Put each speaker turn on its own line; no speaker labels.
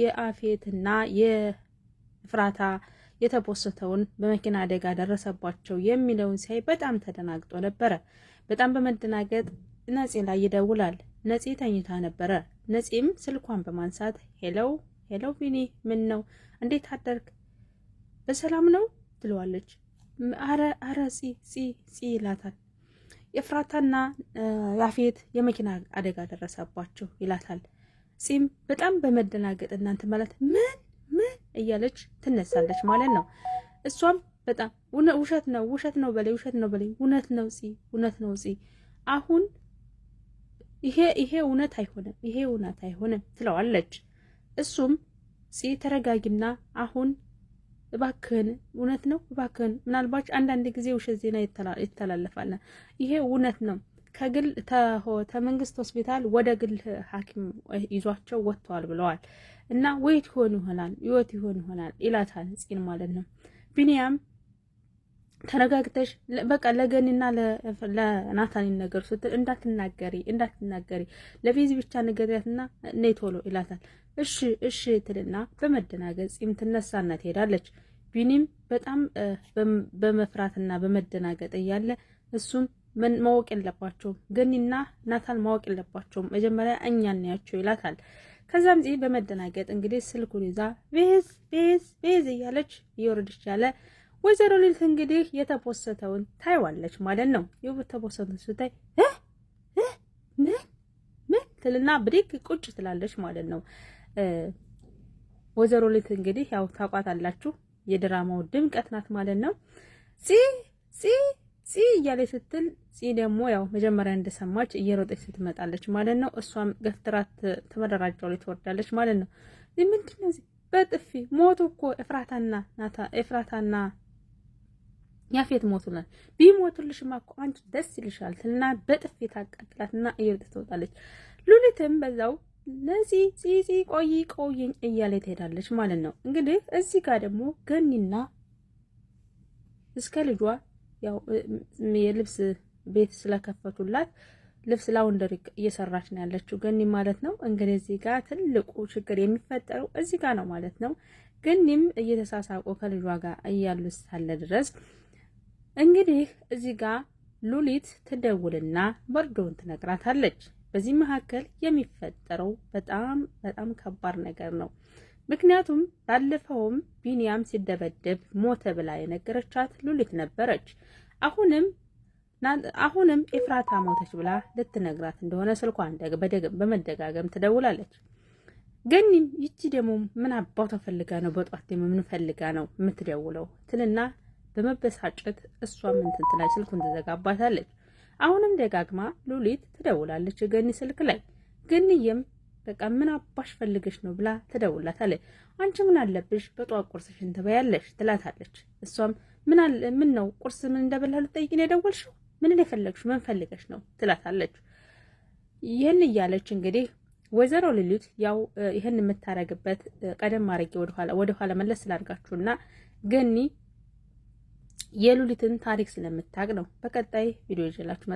የአፌትና የፍራታ የተፖሰተውን በመኪና አደጋ ደረሰባቸው የሚለውን ሲያይ በጣም ተደናግጦ ነበረ። በጣም በመደናገጥ ነፂ ላይ ይደውላል። ነፂ ተኝታ ነበረ። ነፂም ስልኳን በማንሳት ሄለው ሄለው፣ ቢኒ ምን ነው እንዴት አደርግ በሰላም ነው ትለዋለች። አረ አረ ፂ ፂ ፂ ይላታል። የፍራታና ያፌት የመኪና አደጋ ደረሰባቸው ይላታል። ሲም በጣም በመደናገጥ እናንተ ማለት ምን ምን እያለች ትነሳለች ማለት ነው። እሷም በጣም ውሸት ነው ውሸት ነው በላይ ውሸት ነው በላይ እውነት ነው ጺ እውነት ነው ጺ አሁን ይሄ ይሄ እውነት አይሆንም ይሄ እውነት አይሆንም ትለዋለች። እሱም ጺ ተረጋጊና አሁን እባክህን እውነት ነው እባክህን ምናልባት አንዳንድ ጊዜ ውሸት ዜና ይተላለፋል ይሄ እውነት ነው ከግል ተመንግስት ሆስፒታል ወደ ግል ሐኪም ይዟቸው ወጥተዋል ብለዋል። እና ወይት ይሆን ይሆናል ይወት ይሆን ይሆናል ይላታል ጽን ማለት ነው። ቢኒያም ተረጋግተሽ በቃ ለገኒና ለናታኒን ነገሩ ስትል እንዳትናገሪ እንዳትናገሪ ለቤዚ ብቻ ነገሪያትና ነይ ቶሎ ይላታል። እሺ እሺ ትልና በመደናገጥ ጺም ትነሳና ትሄዳለች። ቢኒም በጣም በመፍራትና በመደናገጥ እያለ እሱም ምን ማወቅ የለባቸውም ገኒና ናታል ማወቅ የለባቸውም መጀመሪያ እኛ እናያቸው ይላታል። ከዛም ዜ በመደናገጥ እንግዲህ ስልኩን ይዛ ቤዝ ቤዝ ቤዝ እያለች እየወረደች ያለ ወይዘሮ ሊል እንግዲህ የተፖሰተውን ታይዋለች ማለት ነው። ይህ የተፖሰተውን ስታይ ምን ምን ትልና ብድግ ቁጭ ትላለች ማለት ነው። ወይዘሮ ሉሊት እንግዲህ ያው ታውቋታላችሁ፣ የድራማው ድምቀት ናት ማለት ነው። ፂ ፂ ፂ እያለ ስትል ፂ ደግሞ ያው መጀመሪያ እንደሰማች እየሮጠች ስትመጣለች ማለት ነው። እሷም ገፍትራት ተመደራጃው ላይ ትወርዳለች ማለት ነው። ምንድን ነው? በጥፊ ሞቱ እኮ እፍራታና ናታ እፍራታና ያፌት ሞቱናል። ቢሞቱልሽማ እኮ አንቺ ደስ ይልሻል ትልና በጥፊ ታቃጥላትና እየሮጠች ትወጣለች። ሉሊትም በዛው ለዚህ ፂ ቆይ ቆይኝ እያለ ትሄዳለች ማለት ነው። እንግዲህ እዚህ ጋር ደግሞ ገኒና እስከ ልጇ ያው የልብስ ቤት ስለከፈቱላት ልብስ ላውንደሪ እየሰራች ነው ያለችው ገኒ ማለት ነው። እንግዲህ እዚህ ጋር ትልቁ ችግር የሚፈጠረው እዚህ ጋር ነው ማለት ነው። ግንም እየተሳሳቁ ከልጇ ጋር እያሉ ሳለ ድረስ እንግዲህ እዚህ ጋር ሉሊት ትደውልና በርዶን ትነግራታለች። በዚህ መካከል የሚፈጠረው በጣም በጣም ከባድ ነገር ነው። ምክንያቱም ባለፈውም ቢንያም ሲደበደብ ሞተ ብላ የነገረቻት ሉሊት ነበረች። አሁንም አሁንም ኤፍራታ ሞተች ብላ ልትነግራት እንደሆነ ስልኳን በመደጋገም ትደውላለች። ገኒም ይቺ ደግሞ ምን አባቷ ፈልጋ ነው በጧት ደግሞ ምን ፈልጋ ነው የምትደውለው ትልና በመበሳጨት እሷም እንትን ትላለች። ስልኩን ትዘጋባታለች። አሁንም ደጋግማ ሉሊት ትደውላለች ገኒ ስልክ ላይ ገኒየም በቃ ምን አባሽ ፈልገሽ ነው ብላ ትደውላታለች። አንቺ ምን አለብሽ በጧ ቁርስሽን ትበያለሽ ትላታለች። እሷም ምን ነው ቁርስ ምን ጠይቂ ነው የደወልሽው ምን የፈለግሽው ምን ፈልገሽ ነው ትላታለች። ይህን እያለች እንግዲህ ወይዘሮ ሉሊት ያው ይህን የምታረግበት ቀደም አድርጌ ወደኋላ መለስ ስላድርጋችሁና ገኒ የሉሊትን ታሪክ ስለምታቅ ነው። በቀጣይ ቪዲዮ ይዤላችሁ